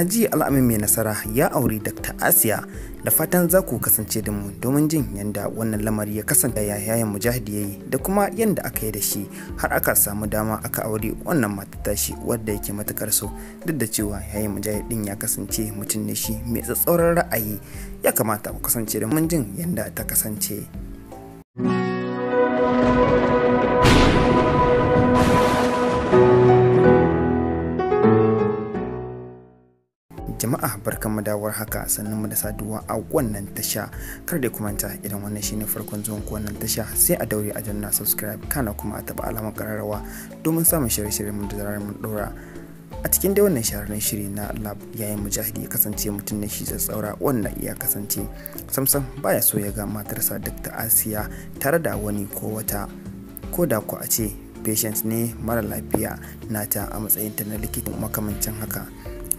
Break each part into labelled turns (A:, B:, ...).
A: Alhaji Al'amin mai nasara ya auri Dr. Asiya da fatan za ku kasance da mu domin jin yadda wannan lamari ya kasance ya yayin mujahidi ya yi da kuma yadda aka yi da shi har aka samu dama aka auri wannan matar tashi wadda yake matukar so duk da cewa yayin mujahidin ya kasance mutum ne shi mai tsatsauran ra'ayi ya kamata ku kasance da mun jin yadda ta kasance. jama'a barkan madawar haka sannan mu da saduwa a wannan tasha kar da kumanta idan wannan shine farkon zuwan ku wannan tasha sai a daure a janna subscribe kana kuma a taba alamar kararrawa domin samun shirye-shiryen mu da zarar mun dora a cikin dai wannan shahararren shiri na lab yayin mujahidi ya kasance mutum ne shi tsaura wanda iya kasance samsam baya so ya ga matarsa duk ta asiya tare da wani ko wata ko da ku a ce patient ne mara lafiya nata a matsayinta na likitan makamancin haka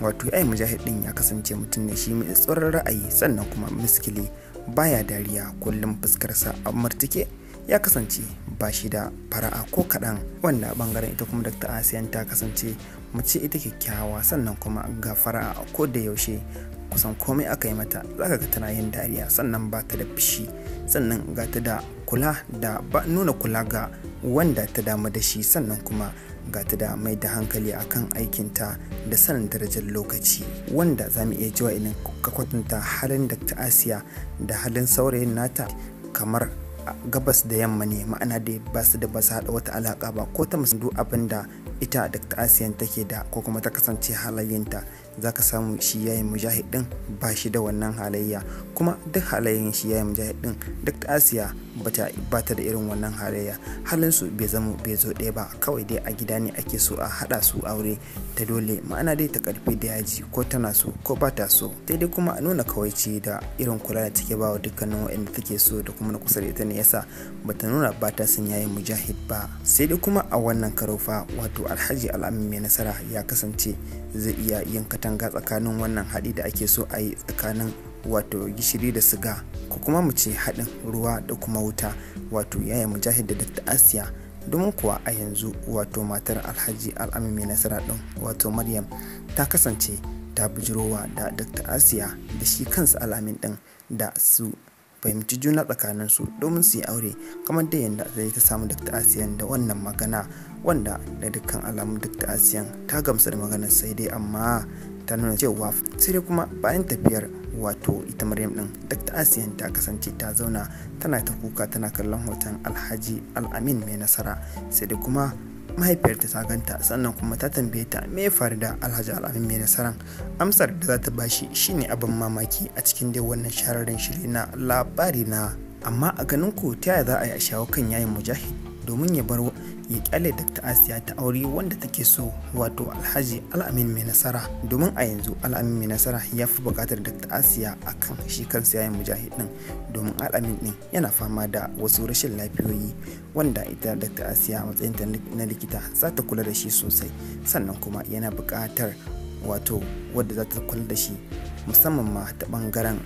A: wato ai mujahid din ya kasance mutum ne shi mai tsoron ra'ayi sannan kuma miskili baya dariya kullum fuskarsa a martike ya kasance ba shi da fara'a ko kaɗan wanda bangaren ita kuma dr asiyan ta kasance mace ita kyakkyawa sannan kuma ga fara'a ko da yaushe kusan komai aka yi mata zaka ga tana yin dariya sannan ba ta da fushi sannan ga ta da kula da ba nuna kula ga wanda ta damu da shi sannan kuma ga ta da mai da hankali akan aikinta da sanin darajar lokaci wanda za mu iya jiwa idan ka kwatanta halin dr asiya da halin saurayin nata kamar gabas da yamma ne ma'ana da ba su da ba su haɗa wata alaƙa ba ko ta musu abin da ita dr asiyan take da ko kuma ta kasance halayyanta za ka samu shi yayin mujahid din ba shi da wannan halayya kuma duk halayen shi yayin mujahid din duk ta asiya ba ta da irin wannan halayya halin su bai zama bai zo ɗaya ba kawai dai a gida ne ake so a haɗa su aure ta dole ma'ana dai ta karfi da yaji ko tana so ko ba ta so sai dai kuma a nuna kawai ce da irin kula da take bawa dukkanin wa'anda take so da kuma na kusa da ita ne yasa ba ta nuna ba ta son yayin mujahid ba sai dai kuma a wannan karofa wato alhaji al'amin mai nasara ya kasance zai iya yanka katanga tsakanin wannan haɗi da ake so a yi tsakanin wato gishiri da siga ko kuma mu ce haɗin ruwa da kuma wuta wato yaya mujahid da dr asiya domin kuwa a yanzu wato matar alhaji al'ami mai nasara ɗin wato maryam ta kasance ta bujirowa da dr asiya da shi kansa al'amin ɗin da su fahimci juna tsakanin su domin su yi aure kamar da yadda zai ta samu dr asiyan da wannan magana wanda da dukkan alamun dr asiyan ta gamsu da maganar sai dai amma ta nuna cewa sai dai kuma bayan tafiyar wato ita maryam din dr asiyan ta kasance ta zauna tana ta kuka tana kallon hoton alhaji al'amin mai nasara sai dai kuma mahaifiyarta ta ganta sannan kuma ta tambaye ta me faru da alhaji al'amin mai nasaran amsar da za ta bashi shine abin mamaki a cikin dai wannan shararren shiri na labari na amma a ganin ku ta yaya za a yi a shawo kan yayin mujahid domin ya bar ya kyale dr asiya ta aure wanda take so wato alhaji al'amin mai nasara domin a yanzu al'amin mai nasara ya fi bukatar dr asiya a kan shi kansa yayin mujahid din domin al'amin din yana fama da wasu rashin lafiyoyi wanda ita dr asiya a matsayin ta na likita za ta kula da shi sosai sannan kuma yana bukatar wato wadda za ta kula da shi musamman ma ta bangaren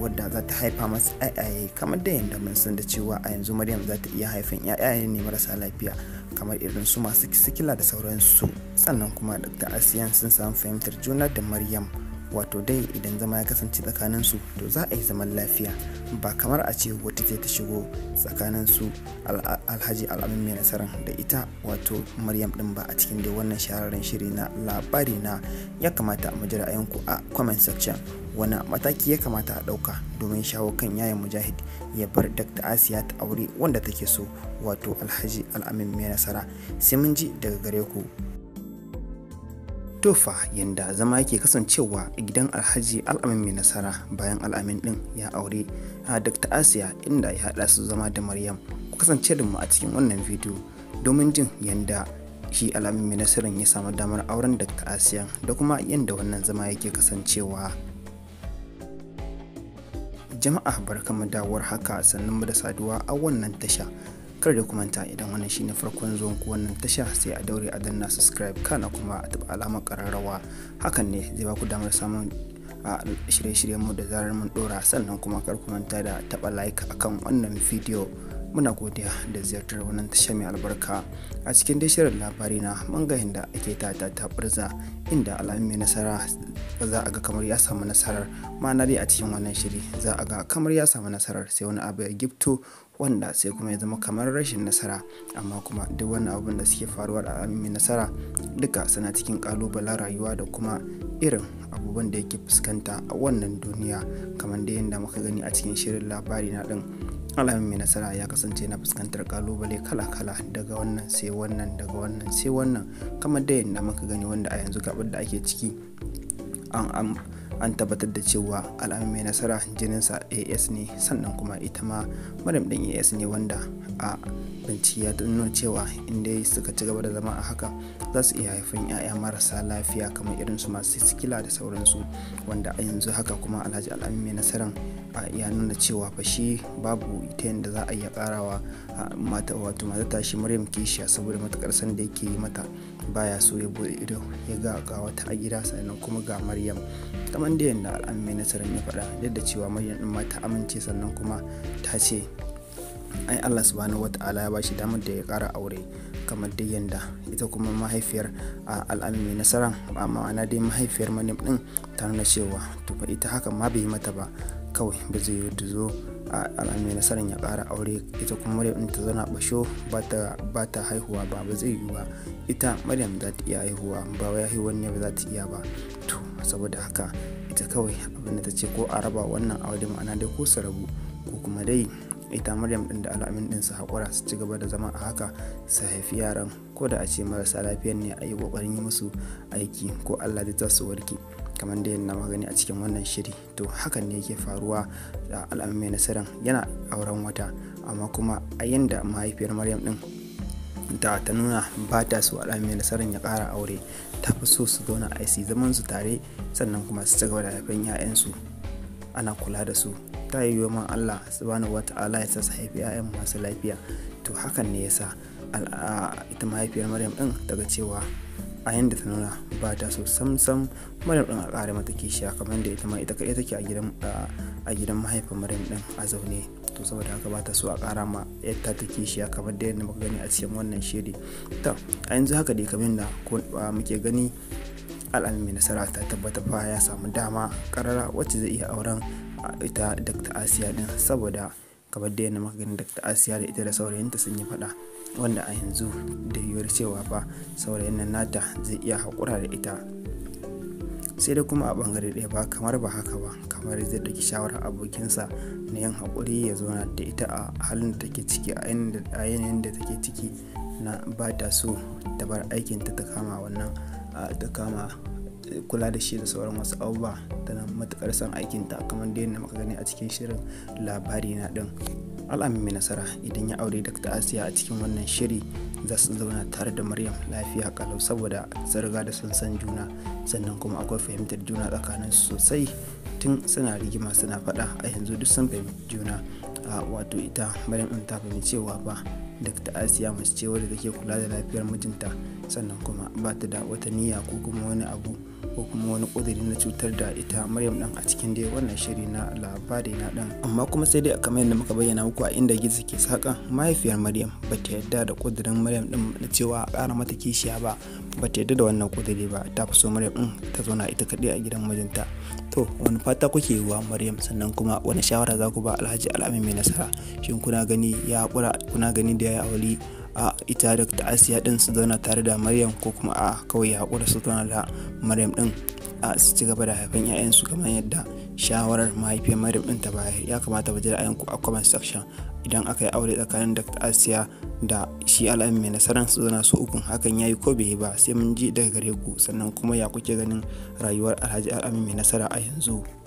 A: wadda za ta haifa masu ayaye kamar da yadda mun san da cewa a yanzu maryam za ta iya haifan yaya ne marasa lafiya kamar irin su masu sikila da sauransu sannan kuma dr asiyan sun samu fahimtar juna da maryam wato dai idan zama ya kasance tsakanin su to za a yi zaman lafiya ba kamar a ce wata ce ta shigo tsakanin su alhaji al'amin mai nasarar da ita wato maryam din ba a cikin dai wannan shahararren shiri na labari na ya kamata a ra'ayinku a comment section wani mataki ya kamata a ɗauka domin shawo kan yayin mujahid ya bar dr asiya ta aure wanda take so wato alhaji al'amin mai nasara sai mun ji daga gare ku tofa yadda zama yake kasancewa a gidan alhaji al'amin mai nasara bayan al'amin din ya aure a dr asiya inda ya haɗa su zama da maryam ku kasance da mu a cikin wannan bidiyo domin jin yadda shi alamin mai nasarar ya samu damar auren dr asiya da kuma yadda wannan zama yake kasancewa jama'a barkanmu dawar haka sannan mu da saduwa a wannan tasha kar da kumanta idan wannan shine farkon zuwan ku wannan tasha sai a daure a danna subscribe kana kuma a taba alamar kararrawa hakan ne zai baku damar samun a shirye-shiryen mu da zarar mun dora sannan kuma kar ku manta da taba like akan wannan bidiyo muna godiya da ziyartar wannan tashar mai albarka a cikin dai shirin labari na mangayin da ake ta ta burza inda alamun mai nasara za a ga kamar ya samu nasarar ma'ana dai a cikin wannan shiri za a ga kamar ya samu nasarar sai wani abu ya gifto wanda sai kuma ya zama kamar rashin nasara amma kuma duk wani abin da suke faruwa da mai nasara duka suna cikin kalubalen rayuwa da kuma irin abubuwan da yake fuskanta a wannan duniya kamar dai yadda muka gani a cikin shirin labari na din alamin mai nasara ya kasance na fuskantar kalubale kala-kala daga wannan sai wannan daga wannan sai wannan kamar da yadda muka gani wanda a yanzu gabar da ake ciki an tabbatar da cewa alamin mai nasara jininsa as ne sannan kuma ita ma marim din as ne wanda a bincike ya nuna cewa inda suka ci gaba da zama a haka za su iya haifin 'ya'ya marasa lafiya kamar irinsu masu sikila da sauransu wanda a yanzu haka kuma alhaji alamin mai nasaran ya nuna cewa fa shi babu ita yadda za a iya karawa mata wato mata tashi maryam kishiya saboda matakar san da yake mata baya so ya bude ido ya ga ga wata a gida sannan kuma ga maryam kamar da yadda al'amin mai nasarar ya faɗa duk cewa maryam din mata amince sannan kuma ta ce ai Allah subhanahu wata'ala ya bashi damar da ya kara aure kamar da yadda ita kuma mahaifiyar al'ami mai nasara ma'ana dai mahaifiyar manim din ta nuna cewa to ita haka ma bai mata ba kawai ba zai yi zo a mai nasarar ya kara aure ita kuma maryam ta zana basho ba ta haihuwa ba ba zai yi ba ita maryam za ta iya haihuwa ba wai haihuwar ne ba za ta iya ba to saboda haka ita kawai abin da ta ce ko a raba wannan aure ma'ana dai ko su rabu ko kuma dai ita maryam din da al'amin din su haƙura su ci gaba da zama a haka su haifi yaran ko da a ce marasa lafiyar ne a yi ƙoƙarin yi musu aiki ko allah zai tasu su warke kamar da yadda magani a cikin wannan shiri to hakan ne yake faruwa da al'amma mai nasarar yana auren wata amma kuma a yanda mahaifiyar maryam din da ta nuna ba ta so al'amma mai nasarar ya kara aure ta fi so su zauna a su zaman su tare sannan kuma su cigaba da haifan 'ya'yansu ana kula da su ta yi man Allah subhanahu wata'ala ya sa su haifi 'ya'yan masu lafiya to hakan ne yasa ita mahaifiyar maryam din daga cewa a yanda ta nuna ba ta so sam maryam din a kare mata kishiya kamar yadda ita ma ita kaɗai take a gidan a gidan mahaifin maryam din a zaune to saboda haka ba ta so a kara ma yadda ta kishiya kamar da yadda muka gani a cikin wannan shiri to a yanzu haka dai kamar yadda muke gani al'almi nasara ta tabbata fa ya samu dama karara wacce zai iya auren ita dr asiya din saboda kamar da yadda muka gani Dr. Asiya da ita da saurayinta sun yi fada wanda a yanzu da yiwuwar cewa fa saurayin nan nata zai iya haƙura da ita sai da kuma a bangare ɗaya ba kamar ba haka ba kamar zai ɗauki shawarar abokinsa na yin haƙuri ya zauna da ita a halin da take ciki a yanayin da take ciki na ba ta so ta bar aikinta ta kama wannan ta kama kula da shi da sauran wasu abubuwa tana matukar son aikinta kamar da yadda muka gani a cikin shirin labari na din al'amin mai nasara idan ya aure dr asiya a cikin wannan shiri za su zauna tare da maryam lafiya kalau saboda zarga da sun san juna sannan kuma akwai fahimtar juna tsakanin su sosai tun suna rigima suna faɗa a yanzu duk sun fahimci juna a wato ita maryam ɗin ta fahimci cewa ba dr asiya mace cewa wadda take kula da lafiyar mijinta sannan kuma ba ta da wata niyya ko kuma wani abu ko kuma wani ƙudiri na cutar da ita maryam ɗin a cikin dai wannan shiri na labari na ɗan. amma kuma sai dai kamar yadda muka bayyana muku a inda gizo ke saƙan mahaifiyar maryam ba ta yarda da ƙudirin maryam ɗin na cewa a ƙara mata kishiya ba ba ta yarda da wannan ƙudiri ba ta fi so maryam ɗin ta zauna ita kaɗai a gidan mijinta to wani fata kuke yi wa maryam sannan kuma wani shawara za ku ba alhaji al'amin mai nasara shin kuna gani ya haƙura kuna gani da ya yi auli a ita ta asiya din su zauna tare da maryam ko kuma a kawai haƙura su zauna da maryam din a su ci gaba da haifan ya'yan su kamar yadda shawarar mahaifiyar maryam din ta baya ya kamata ba ji ra'ayinku a comment section idan aka yi aure tsakanin ta asiya da shi al'amin mai nasarar su zauna su ukun hakan ya yi ko bai yi ba sai mun ji daga gare ku sannan kuma ya kuke ganin rayuwar alhaji al'amin mai nasara a yanzu